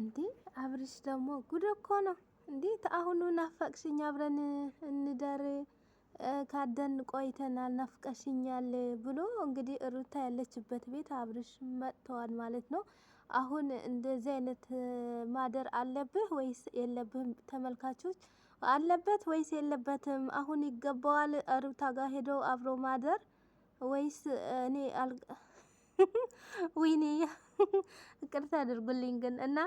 እንዴ አብርሽ ደግሞ ጉድ እኮ ነው እንዴ! አሁኑ ናፈቅሽኝ፣ አብረን እንደር ካደን ቆይተናል፣ ናፍቀሽኛል ብሎ እንግዲህ ሩታ ያለችበት ቤት አብርሽ መጥተዋል ማለት ነው። አሁን እንደዚህ አይነት ማደር አለብህ ወይስ የለብህም? ተመልካቾች አለበት ወይስ የለበትም? አሁን ይገባዋል ሩታ ጋር ሄዶ አብሮ ማደር ወይስ እኔ አል ወይኔ ይቅርታ አድርጉልኝ ግን እና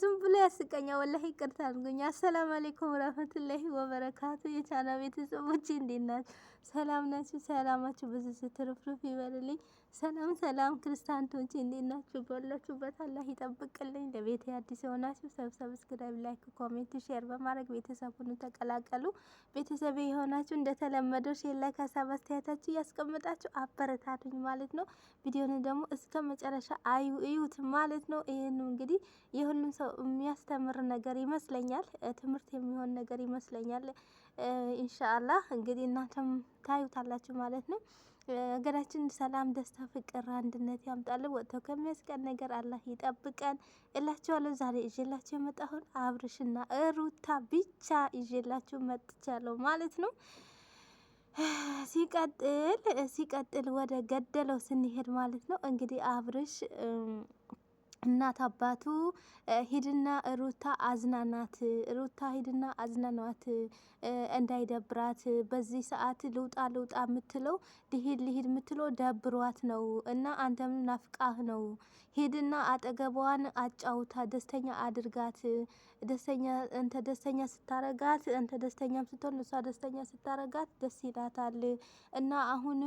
ዝም ብሎ ያስቀኛ ወላሂ ይቅርታ አድርጉኝ። አሰላም አሌይኩም ረህመቱላሂ ወበረካቱ የቻና ቤተሰቦች እንዴት ናችሁ? ሰላም ናችሁ? ሰላማችሁ ብዙ ስትርፍርፍ ይበልልኝ። ሰላም ሰላም ክርስቲያንቶች እንዴት ናችሁ? ባላችሁበት አላህ ይጠብቅልኝ። ለቤት አዲስ የሆናችሁ ሰብስክራይብ፣ ላይክ፣ ኮሜንት፣ ሼር በማድረግ ቤተሰቡን ተቀላቀሉ። ቤተሰብ የሆናችሁ እንደተለመደው ሼር፣ ላይ ሀሳብ አስተያየታችሁ እያስቀመጣችሁ አበረታቱኝ ማለት ነው። ቪዲዮን ደግሞ እስከ መጨረሻ አዩ እዩት ማለት ነው። ይህን እንግዲህ የሁሉም ሰው የሚያስተምር ነገር ይመስለኛል፣ ትምህርት የሚሆን ነገር ይመስለኛል። ኢንሻአላህ እንግዲህ እናንተም ታዩታላችሁ ማለት ነው። ሀገራችን ሰላም፣ ደስታ፣ ፍቅር፣ አንድነት ያምጣልን። ወጥተው ከሚያስቀን ነገር አላህ ይጠብቀን እላችኋለሁ። ዛሬ ይዤላችሁ የመጣሁን አብርሽና እሩታ ብቻ ይዤላችሁ መጥቻለሁ ማለት ነው። ሲቀጥል ሲቀጥል ወደ ገደለው ስንሄድ ማለት ነው እንግዲህ አብርሽ እናት አባቱ ሂድና ሩታ አዝናናት፣ ሩታ ሂድና አዝናናት እንዳይደብራት በዚህ ሰዓት ልውጣ ልውጣ የምትለው ልሂድ ልሂድ የምትለው ደብሯት ነው እና አንተም ናፍቃህ ነው። ሂድና አጠገቧን አጫውታ ደስተኛ አድርጋት። ደስተኛ እንተ ደስተኛ ስታረጋት እንተ ደስተኛም ስትሆን እሷ ደስተኛ ስታረጋት ደስ ይላታል። እና አሁን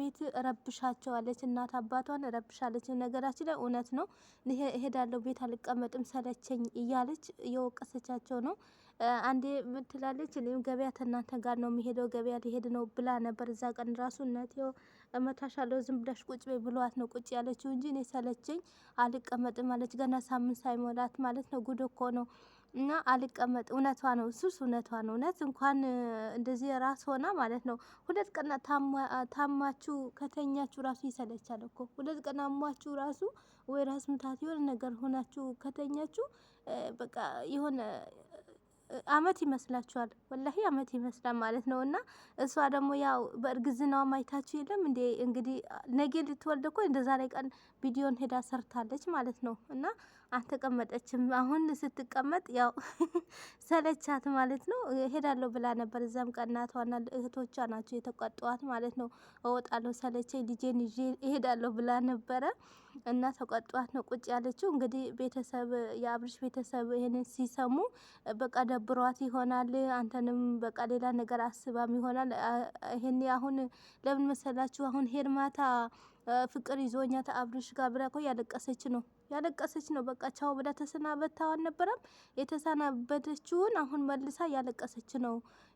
ቤት ረብሻቸዋለች፣ እናት አባቷን ረብሻለች። ነገራችን ላይ እውነት ነው። እሄዳለሁ ቤት አልቀመጥም ሰለቸኝ እያለች እየወቀሰቻቸው ነው። አንዴ ምትላለች፣ እኔም ገበያ ከእናንተ ጋር ነው የሚሄደው ገበያ ሊሄድ ነው ብላ ነበር። እዛ ቀን ራሱ እናቴው እመታሻለሁ ዝም ብለሽ ቁጭ በይ ብሏት ነው ቁጭ ያለችው እንጂ እኔ ሰለቸኝ አልቀመጥም አለች። ገና ሳምንት ሳይሞላት ማለት ነው። ጉድ እኮ ነው። እና አልቀመጥ እውነቷ ነው። እሱስ እውነቷ ነው። እውነት እንኳን እንደዚህ ራስ ሆና ማለት ነው። ሁለት ቀና ታማችሁ ከተኛችሁ ራሱ ይሰለቻል እኮ ሁለት ቀና አሟችሁ ራሱ ወይ ራስ ምታት የሆነ ነገር ሆናችሁ ከተኛችሁ በቃ የሆነ አመት ይመስላችኋል ወላሂ አመት ይመስላል ማለት ነው። እና እሷ ደግሞ ያው በእርግዝናዋ ማይታችሁ የለም እንዴ? እንግዲህ ነገ ልትወልድ እኮ እንደ ዛሬ ቀን ቪዲዮን ሄዳ ሰርታለች ማለት ነው እና አልተቀመጠችም። አሁን ስትቀመጥ ያው ሰለቻት ማለት ነው። ሄዳለሁ ብላ ነበር። እዛም ቀናቷና እህቶቿ ናቸው የተቆጠዋት ማለት ነው። እወጣለሁ ሰለቼ ልጄን ይዤ እሄዳለሁ ብላ ነበረ እና ተቆጠዋት ነው ቁጭ ያለችው። እንግዲህ ቤተሰብ የአብርሽ ቤተሰብ ይህንን ሲሰሙ በቃ ደብሯት ይሆናል። አንተንም በቃ ሌላ ነገር አስባም ይሆናል። ይሄኔ አሁን ለምን መሰላችሁ አሁን ሄርማታ ፍቅር ይዞኛ አብርሽ ጋር ብላ እኮ ያለቀሰች ነው ያለቀሰች ነው። በቃ ቻው ብላ ተሰናበታ አልነበረም የተሰናበተችውን አሁን መልሳ ያለቀሰች ነው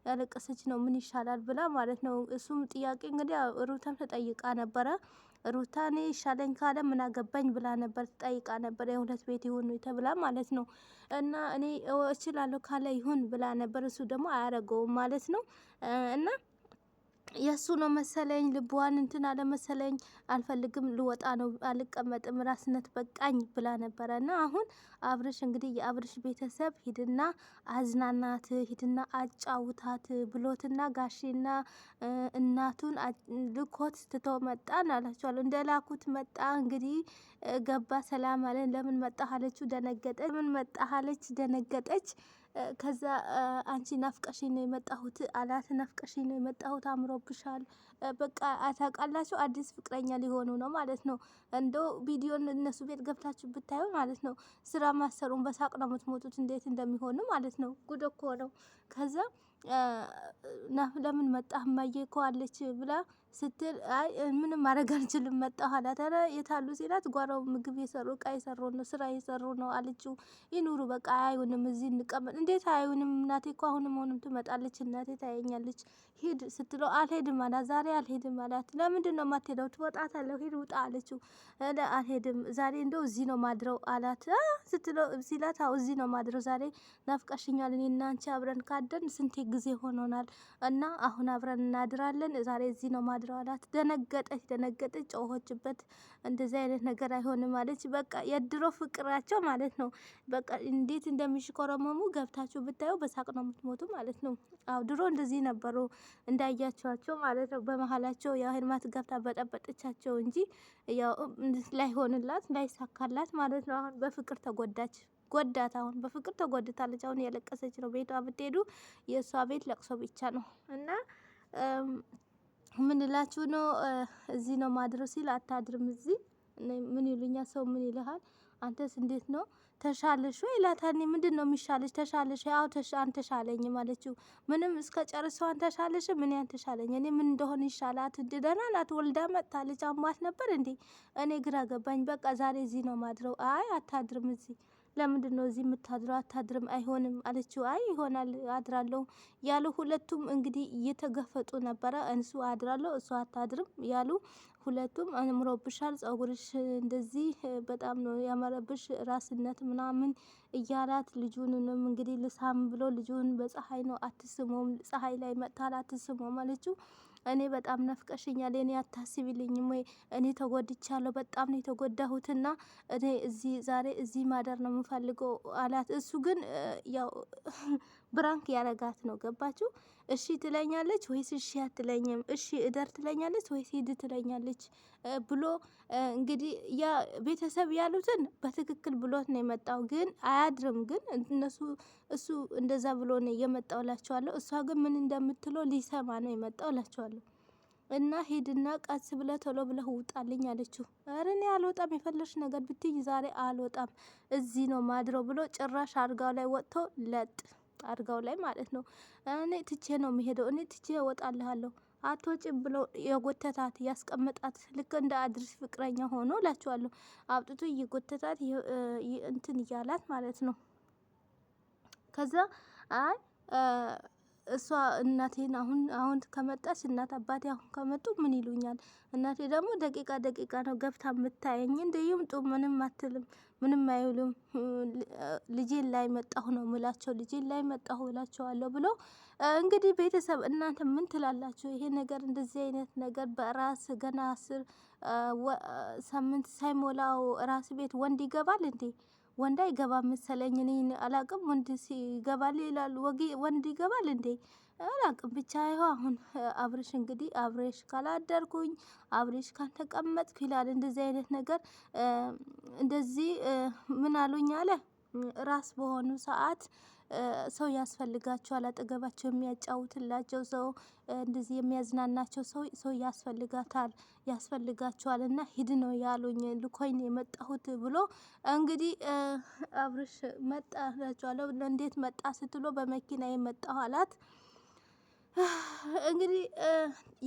ያለቀሰች ነው። ምን ይሻላል ብላ ማለት ነው። እሱም ጥያቄ እንግዲህ ሩታም ተጠይቃ ነበረ። ሩታ እኔ ይሻለኝ ካለ ምን አገባኝ ብላ ነበር ተጠይቃ ነበር። የሁለት ቤት ይሁን ተብላ ማለት ነው። እና እኔ እችላለሁ ካለ ይሁን ብላ ነበር። እሱ ደግሞ አያረገውም ማለት ነው እና የእሱ ነው መሰለኝ ልቧን እንትን አለመሰለኝ አልፈልግም፣ ልወጣ ነው፣ አልቀመጥም፣ ራስነት በቃኝ ብላ ነበረ እና አሁን አብርሽ እንግዲህ የአብርሽ ቤተሰብ ሂድና አዝናናት፣ ሂድና አጫውታት ብሎትና ጋሽና እናቱን ልኮት ትተው መጣ አላቸዋለሁ። እንደ ላኩት መጣ እንግዲህ ገባ። ሰላም አለን። ለምን መጣ አለችው፣ ደነገጠች። ለምን መጣ አለች፣ ደነገጠች። ከዛ አንቺ ናፍቀሽ ነው የመጣሁት አላት። ናፍቀሽ ነው የመጣሁት አምሮብሻል። በቃ አታውቃላችሁ፣ አዲስ ፍቅረኛ ሊሆኑ ነው ማለት ነው። እንደው ቪዲዮን እነሱ ቤት ገብታችሁ ብታዩ ማለት ነው ስራ ማሰሩን በሳቅ ነው የምትሞቱት፣ እንዴት እንደሚሆኑ ማለት ነው። ጉድ እኮ ነው። ከዛ ለምን መጣህ እማዬ እኮ አለች ብላ ስትል አይ ምንም ማድረግ አልችልም መጣሁ አላት። ኧረ የታሉ ሲላት ጓሮው ምግብ የሰሩ እቃ የሰሩ ነው ስራ የሰሩ ነው አለችው። ይኑሩ በቃ አይሆንም፣ እዚህ እንቀመጥ። እንዴት አይሆንም? እናቴ እኮ አሁንም አሁንም ትመጣለች፣ እናቴ ታየኛለች። ሂድ ስትለው አልሄድም አላት። ዛሬ አልሄድም አላት። ለምንድን ነው የማትሄደው? ትወጣታለሁ፣ ሂድ ውጣ አለችው። እለ አልሄድም ዛሬ እንደው እዚህ ነው ማድረው አላት። ስትለው ሲላት አዎ እዚህ ነው ማድረው ዛሬ ናፍቀሽኛል። እኔ እና አንቺ አብረን ካደን ስንቴ ጊዜ ሆኖናል እና አሁን አብረን እናድራለን። ዛሬ እዚህ ነው ማድረው አድረዋል። ደነገጠች ደነገጠች፣ ጮኸችበት። እንደዚህ አይነት ነገር አይሆንም ማለች። በቃ የድሮ ፍቅራቸው ማለት ነው። በቃ እንዴት እንደሚሽኮረመሙ ገብታችሁ ብታዩ በሳቅ ነው የምትሞቱ ማለት ነው። አዎ ድሮ እንደዚህ ነበሩ እንዳያቸዋቸው ማለት ነው። በመሀላቸው ያው ህልማት ገብታ በጠበጠቻቸው እንጂ ያው ላይሆንላት ላይሳካላት ማለት ነው። አሁን በፍቅር ተጎዳች ጎዳት አሁን በፍቅር ተጎድታለች። አሁን እያለቀሰች ነው። ቤቷ ብትሄዱ የእሷ ቤት ለቅሶ ብቻ ነው እና ምንላችሁ ነው እዚህ ነው ማድሮ ሲል አታድርም እዚህ ምን ይሉኛል? ሰው ምን ይልሃል? አንተስ እንዴት ነው ተሻለሽ ወይ ላታኒ ምንድን ነው የሚሻለሽ? ተሻለሽ? አዎ አንተሻለኝ ማለችው ምንም እስከ ጨርሰው አንተሻለሽ? ምን አንተሻለኝ? እኔ ምን እንደሆነ ይሻለ አትድደና ናት ወልዳ መጥታለች። አሟት ነበር እንዴ? እኔ ግራ ገባኝ። በቃ ዛሬ እዚህ ነው ማድረው። አይ አታድርም እዚህ ለምንድን ነው እዚህ የምታድረው? አታድርም፣ አይሆንም አለችው። አይ ይሆናል፣ አድራለሁ ያሉ ሁለቱም እንግዲህ እየተገፈጡ ነበረ። እንሱ አድራለሁ፣ እሱ አታድርም ያሉ ሁለቱም አምሮብሻል፣ ጸጉርሽ እንደዚህ በጣም ነው ያመረብሽ፣ ራስነት ምናምን እያላት ልጁንንም እንግዲህ ልሳም ብሎ ልጁን በፀሐይ ነው አትስሞም፣ ፀሐይ ላይ መጥታል፣ አትስሞም አለችው። እኔ በጣም ነፍቀሽኛል፣ እኔ አታስቢልኝም ወይ? እኔ ተጎድቻለሁ፣ በጣም ነው የተጎዳሁትና እኔ እዚህ ዛሬ እዚህ ማደር ነው የምፈልገው አላት። እሱ ግን ያው ብራንክ ያረጋት ነው። ገባችሁ? እሺ ትለኛለች ወይስ እሺ አትለኝም? እሺ እደር ትለኛለች ወይስ ሂድ ትለኛለች ብሎ እንግዲህ ያ ቤተሰብ ያሉትን በትክክል ብሎት ነው የመጣው። ግን አያድርም። ግን እነሱ እሱ እንደዛ ብሎ ነው የመጣው ላቸዋለሁ። እሷ ግን ምን እንደምትለው ሊሰማ ነው የመጣው ላቸዋለሁ። እና ሄድና ቀስ ብለ ቶሎ ብለ ውጣልኝ አለችው። ኧረ እኔ አልወጣም፣ የፈለሽ ነገር ብትኝ ዛሬ አልወጣም፣ እዚህ ነው ማድረው ብሎ ጭራሽ አልጋው ላይ ወጥቶ ለጥ አልጋው ላይ ማለት ነው። እኔ ትቼ ነው የሚሄደው፣ እኔ ትቼ እወጣልሃለሁ አትወጪም ብሎ የጎተታት ያስቀመጣት ልክ እንደ አድርስ ፍቅረኛ ሆኖ እላችኋለሁ። አብጥቶ እየጎተታት እንትን እያላት ማለት ነው። ከዛ አይ እሷ እናቴን አሁን አሁን ከመጣች እናት አባቴ አሁን ከመጡ ምን ይሉኛል? እናቴ ደግሞ ደቂቃ ደቂቃ ነው ገብታ የምታየኝ። እንዲሁም ጡ ምንም አትልም። ምንም አይውሉም ልጄን ላይ መጣሁ ነው ምላቸው። ልጄን ላይ መጣሁ እላቸዋለሁ ብሎ እንግዲህ ቤተሰብ እናንተ ምን ትላላችሁ? ይሄ ነገር እንደዚህ አይነት ነገር በራስ ገና አስር ሳምንት ሳይሞላው ራስ ቤት ወንድ ይገባል እንዴ? ወንድ አይገባም መሰለኝ እኔ አላቅም። ወንድ ሲገባል ይላሉ። ወንድ ይገባል እንዴ? አላቅም ብቻ ይኸው አሁን አብሬሽ እንግዲህ አብሬሽ ካላደርኩኝ አብሬሽ ካልተቀመጥኩ ይላል። እንደዚህ አይነት ነገር እንደዚህ ምን አሉኝ አለ ራስ በሆኑ ሰዓት ሰው ያስፈልጋቸዋል። አጠገባቸው የሚያጫውትላቸው ሰው እንደዚህ የሚያዝናናቸው ሰው ሰው ያስፈልጋታል ያስፈልጋቸዋል። እና ሂድ ነው ያሉኝ ልኮኝ የመጣሁት ብሎ እንግዲህ አብርሽ መጣ እላቸዋለሁ። እንዴት መጣ ስትሎ በመኪና የመጣሁ አላት። እንግዲህ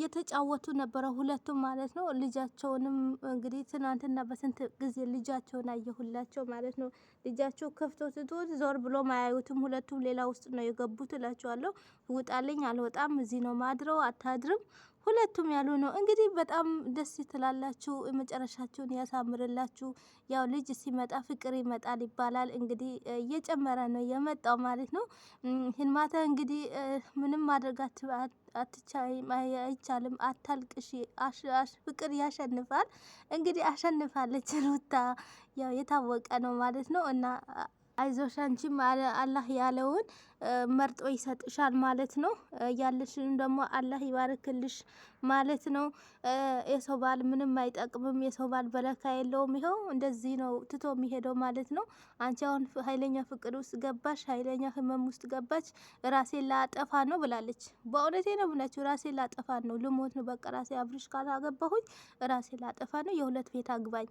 የተጫወቱ ነበረ ሁለቱም ማለት ነው። ልጃቸውንም እንግዲህ ትናንትና በስንት ጊዜ ልጃቸውን አየሁላቸው ማለት ነው። ልጃቸው ከፍቶ ትቶት ዞር ብሎ ማያዩትም ሁለቱም ሌላ ውስጥ ነው የገቡት እላቸዋለሁ። ውጣልኝ አልወጣም እዚህ ነው ማድረው አታድርም ሁለቱም ያሉ ነው። እንግዲህ በጣም ደስ ትላላችሁ። መጨረሻችሁን ያሳምርላችሁ። ያው ልጅ ሲመጣ ፍቅር ይመጣል ይባላል። እንግዲህ እየጨመረ ነው የመጣው ማለት ነው። ህንማተ እንግዲህ ምንም ማድረጋት አይቻልም። አታልቅሽ፣ ፍቅር ያሸንፋል። እንግዲህ አሸንፋለች ሩታ። ያው የታወቀ ነው ማለት ነው እና አይዞሽ አንቺም አላህ ያለውን መርጦ ይሰጥሻል ማለት ነው። ያለሽንም ደግሞ አላህ ይባርክልሽ ማለት ነው። የሰው ባል ምንም አይጠቅምም፣ የሰው ባል በረካ የለውም። ይኸው እንደዚህ ነው ትቶ የሚሄደው ማለት ነው። አንቺ አሁን ኃይለኛ ፍቅር ውስጥ ገባሽ፣ ኃይለኛ ህመም ውስጥ ገባች። ራሴን ላጠፋ ነው ብላለች። በእውነቴ ነው ብላችሁ ራሴን ላጠፋ ነው፣ ልሞት ነው፣ በቃ ራሴ አብርሽ ካላገባሁኝ ራሴን ላጠፋ ነው፣ የሁለት ቤት አግባኝ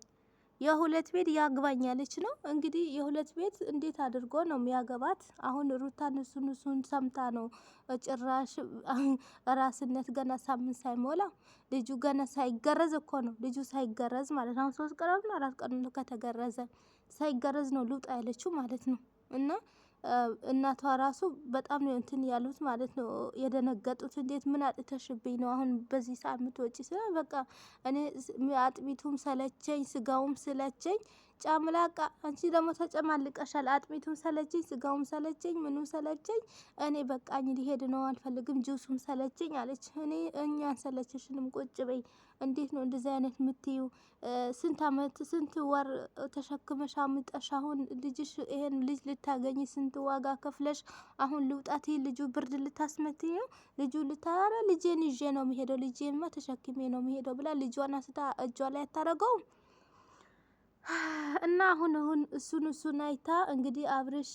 የሁለት ቤት ያግባኝ ያለች ነው እንግዲህ። የሁለት ቤት እንዴት አድርጎ ነው የሚያገባት? አሁን ሩታ ንሱ ንሱን ሰምታ ነው ጭራሽ ራስነት ገና ሳምንት ሳይሞላ ልጁ ገና ሳይገረዝ እኮ ነው ልጁ ሳይገረዝ ማለት ነው። አሁን ሶስት ቀን አራት ቀን ከተገረዘ ሳይገረዝ ነው ልውጣ ያለችው ማለት ነው እና እናቷ ራሱ በጣም ነው እንትን ያሉት ማለት ነው የደነገጡት። እንዴት ምን አጥተሽብኝ ነው አሁን በዚህ ሰዓት የምትወጪ? ስለ በቃ እኔ አጥቢቱም ሰለቸኝ፣ ስጋውም ስለቸኝ ጫምላቃ አንቺ ደግሞ ተጨማልቀሻል። አጥሚቱም ሰለችኝ፣ ስጋውም ሰለችኝ፣ ምኑም ሰለችኝ። እኔ በቃኝ ሊሄድ ነው አልፈልግም፣ ጁሱም ሰለችኝ አለች። እኔ እኛን ሰለችሽንም ቁጭ በይ። እንዴት ነው እንደዚህ አይነት የምትዩ? ስንት አመት ስንት ወር ተሸክመሽ አምጠሽ አሁን ልጅሽ ይሄን ልጅ ልታገኝ ስንት ዋጋ ከፍለሽ አሁን ልውጣት ልጁ ብርድ ልታስመት ልጁ ልታረ ልጄን ይዤ ነው የሚሄደው ልጄንማ ተሸክሜ ነው የሚሄደው ብላ ልጇን አስታ እጇ ላይ አታረገውም። እና አሁን አሁን እሱን እሱን አይታ እንግዲህ አብርሽ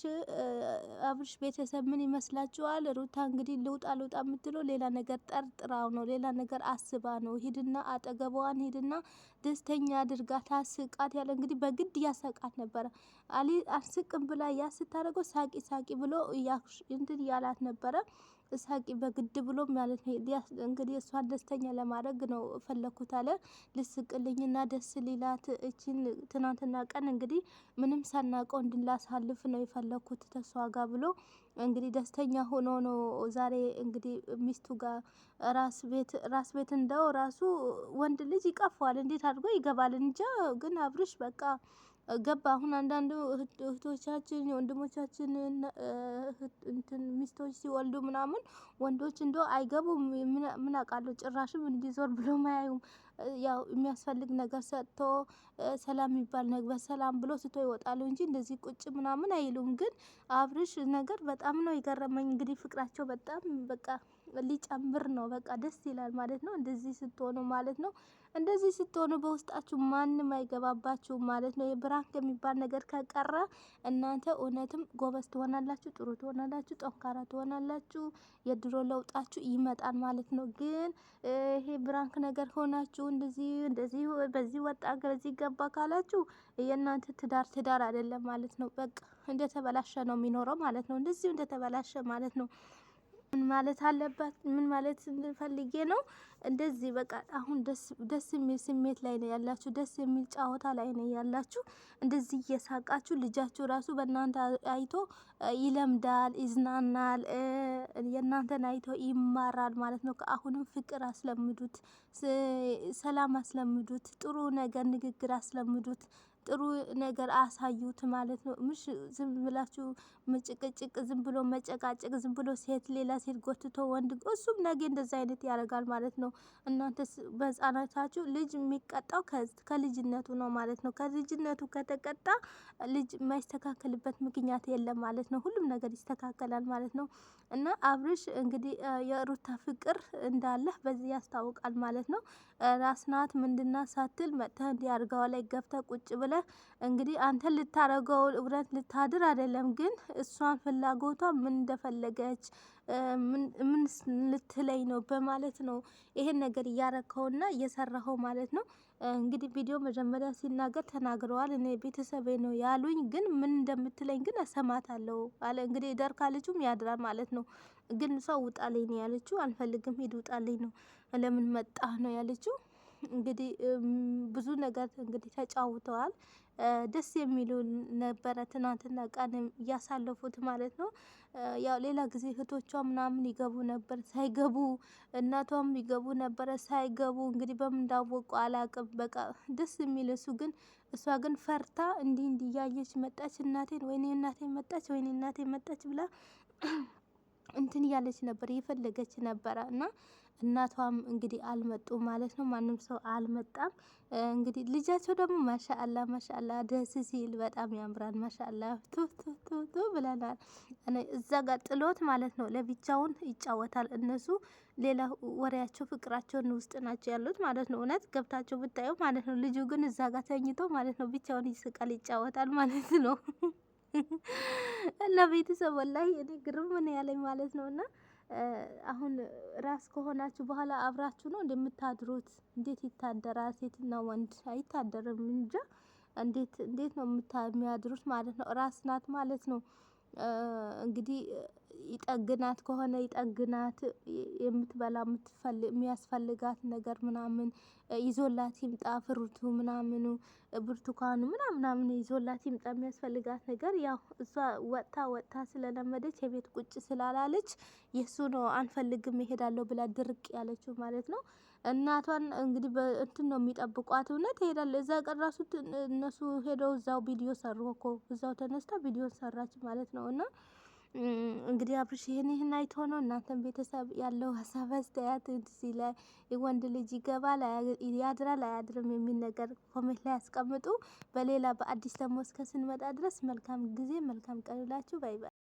አብርሽ ቤተሰብ ምን ይመስላችኋል? ሩታ እንግዲህ ልውጣ ልውጣ የምትለው ሌላ ነገር ጠርጥራው ነው፣ ሌላ ነገር አስባ ነው። ሂድና አጠገቧን ሂድና ደስተኛ አድርጋት፣ አስቃት ያለ እንግዲህ በግድ ያሳቃት ነበረ። አሊ አስቅም ብላ ያ ሳቂ ሳቂ ብሎ እንትን እያላት ነበረ። እሳቂ በግድ ብሎ ማለት ነው። እንግዲህ እሷን ደስተኛ ለማድረግ ነው ፈለኩት አለ። ልስቅልኝና ደስ ሊላት እችን ትናንትና ቀን እንግዲህ ምንም ሳናቀው እንድላሳልፍ ነው የፈለኩት ተሷ ጋር ብሎ እንግዲህ ደስተኛ ሆኖ ነው ዛሬ እንግዲህ ሚስቱ ጋር ራስ ቤት ራስ ቤት እንደው ራሱ ወንድ ልጅ ይቀፈዋል። እንዴት አድርጎ ይገባል እንጃ። ግን አብርሽ በቃ ገባ። አሁን አንዳንድ እህቶቻችን ወንድሞቻችን እንትን ሚስቶች ሲወልዱ ምናምን ወንዶች እንደ አይገቡም። ምን አውቃለሁ ጭራሽም እንዲዞር ብሎ ማያዩም። ያው የሚያስፈልግ ነገር ሰጥቶ ሰላም የሚባል ነገር ሰላም ብሎ ስቶ ይወጣሉ እንጂ እንደዚህ ቁጭ ምናምን አይሉም። ግን አብርሽ ነገር በጣም ነው የገረመኝ። እንግዲህ ፍቅራቸው በጣም በቃ ሊጨምር ነው። በቃ ደስ ይላል ማለት ነው። እንደዚህ ስትሆኑ ማለት ነው። እንደዚህ ስትሆኑ በውስጣችሁ ማንም አይገባባችሁም ማለት ነው። የብራንክ የሚባል ነገር ከቀረ እናንተ እውነትም ጎበዝ ትሆናላችሁ፣ ጥሩ ትሆናላችሁ፣ ጠንካራ ትሆናላችሁ። የድሮ ለውጣችሁ ይመጣል ማለት ነው። ግን ይሄ ብራንክ ነገር ሆናችሁ እንደዚህ እንደዚህ በዚህ ወጣ በዚህ ገባ ካላችሁ የእናንተ ትዳር ትዳር አይደለም ማለት ነው። በቃ እንደተበላሸ ነው የሚኖረው ማለት ነው። እንደዚሁ እንደተበላሸ ማለት ነው። ምን ማለት አለባት? ምን ማለት ፈልጌ ነው? እንደዚህ በቃ አሁን ደስ የሚል ስሜት ላይ ነው ያላችሁ፣ ደስ የሚል ጨዋታ ላይ ነው ያላችሁ። እንደዚህ እየሳቃችሁ ልጃችሁ ራሱ በእናንተ አይቶ ይለምዳል፣ ይዝናናል፣ የእናንተን አይቶ ይማራል ማለት ነው። ከአሁንም ፍቅር አስለምዱት፣ ሰላም አስለምዱት፣ ጥሩ ነገር ንግግር አስለምዱት፣ ጥሩ ነገር አሳዩት ማለት ነው። ምሽ ዝም ብላችሁ ጭቅጭቅ፣ ዝም ብሎ መጨቃጨቅ፣ ዝም ብሎ ሴት ሌላ ሴት ጎትቶ ወንድ እሱም ነገ እንደዛ አይነት ያደርጋል ማለት ነው። እናንተ በህፃናታችሁ ልጅ የሚቀጣው ከልጅነቱ ነው ማለት ነው። ከልጅነቱ ከተቀጣ ልጅ የማይስተካከልበት ምክንያት የለም ማለት ነው። ማለት ነው። ሁሉም ነገር ይስተካከላል ማለት ነው። እና አብርሽ እንግዲህ የሩታ ፍቅር እንዳለህ በዚህ ያስታውቃል ማለት ነው። ራስናት ምንድና ሳትል መጥተህ እንዲህ አድርገዋ ላይ ገብተ ቁጭ ብለህ እንግዲህ አንተ ልታረገው እብረት ልታድር አይደለም፣ ግን እሷን ፍላጎቷ ምን እንደፈለገች ምን ልትለይ ነው በማለት ነው ይሄን ነገር እያረከውና እየሰራኸው ማለት ነው። እንግዲህ ቪዲዮ መጀመሪያ ሲናገር ተናግረዋል። እኔ ቤተሰቤ ነው ያሉኝ፣ ግን ምን እንደምትለኝ ግን እሰማታለሁ አለ። እንግዲህ ይደር ካለችም ያድራል ማለት ነው። ግን እሷ ውጣልኝ ነው ያለችው። አልፈልግም፣ ሂድ ውጣልኝ ነው። ለምን መጣ ነው ያለችው። እንግዲህ ብዙ ነገር እንግዲህ ተጫውተዋል። ደስ የሚሉ ነበረ ትናንትና ቀን እያሳለፉት ማለት ነው። ያው ሌላ ጊዜ እህቶቿ ምናምን ይገቡ ነበር ሳይገቡ፣ እናቷም ይገቡ ነበረ ሳይገቡ። እንግዲህ በምን እንዳወቁ አላቅም። በቃ ደስ የሚል እሱ ግን እሷ ግን ፈርታ እንዲህ እንዲህ እያየች መጣች እናቴን፣ ወይኔ እናቴ መጣች፣ ወይኔ እናቴ መጣች ብላ እንትን እያለች ነበር እየፈለገች ነበረ እና እናቷም እንግዲህ አልመጡም ማለት ነው። ማንም ሰው አልመጣም። እንግዲህ ልጃቸው ደግሞ ማሻአላ ማሻአላ ደስ ሲል በጣም ያምራል። ማሻአላ ቱቱቱቱ ብለናል። እዛ ጋር ጥሎት ማለት ነው ለብቻውን ይጫወታል። እነሱ ሌላ ወሬያቸው ፍቅራቸውን ውስጥ ናቸው ያሉት ማለት ነው። እውነት ገብታቸው ብታዩ ማለት ነው። ልጁ ግን እዛ ጋር ተኝቶ ማለት ነው ብቻውን ይስቃል፣ ይጫወታል ማለት ነው። እና ቤተሰብ ወላሂ እኔ ግርም ምን ያለኝ ማለት ነው እና አሁን ራስ ከሆናችሁ በኋላ አብራችሁ ነው እንደምታድሩት? እንዴት ይታደራል? ሴትና ወንድ አይታደርም እንጂ እንዴት እንዴት ነው የሚያድሩት ማለት ነው። ራስ ናት ማለት ነው እንግዲህ ይጠግናት ከሆነ ይጠግናት፣ የምትበላ የሚያስፈልጋት ነገር ምናምን ይዞላት ይምጣ፣ ፍሩቱ ምናምኑ ብርቱካኑ ምናምናምን ይዞላት ይምጣ። የሚያስፈልጋት ነገር ያው እሷ ወጥታ ወጥታ ስለለመደች የቤት ቁጭ ስላላለች የእሱ ነው አንፈልግም ይሄዳለሁ ብላ ድርቅ ያለችው ማለት ነው። እናቷን እንግዲህ በእንትን ነው የሚጠብቋት። እውነት ይሄዳል እዛ ቀን ራሱ እነሱ ሄደው እዛው ቪዲዮ ሰሩ እኮ እዛው ተነስታ ቪዲዮ ሰራች ማለት ነው እና እንግዲህ አብርሽ ይህን ይህን አይቶ ነው እናንተም ቤተሰብ ያለው ሀሳብ አስተያየት እንትዚ ላይ ወንድ ልጅ ይገባል ያድራል አያድርም የሚል ነገር ኮሜንት ላይ ያስቀምጡ። በሌላ በአዲስ ደግሞ እስከ ስንመጣ ድረስ መልካም ጊዜ መልካም ቀን ይላችሁ። ባይ ባይ።